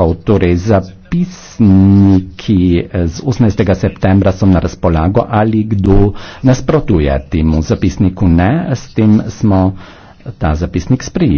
pripravkov, torej zapisniki eh, z 18. septembra so na razpolago ali kdo nasprotuje temu zapisniku. Ne, s tem smo ta zapisnik sprejeli.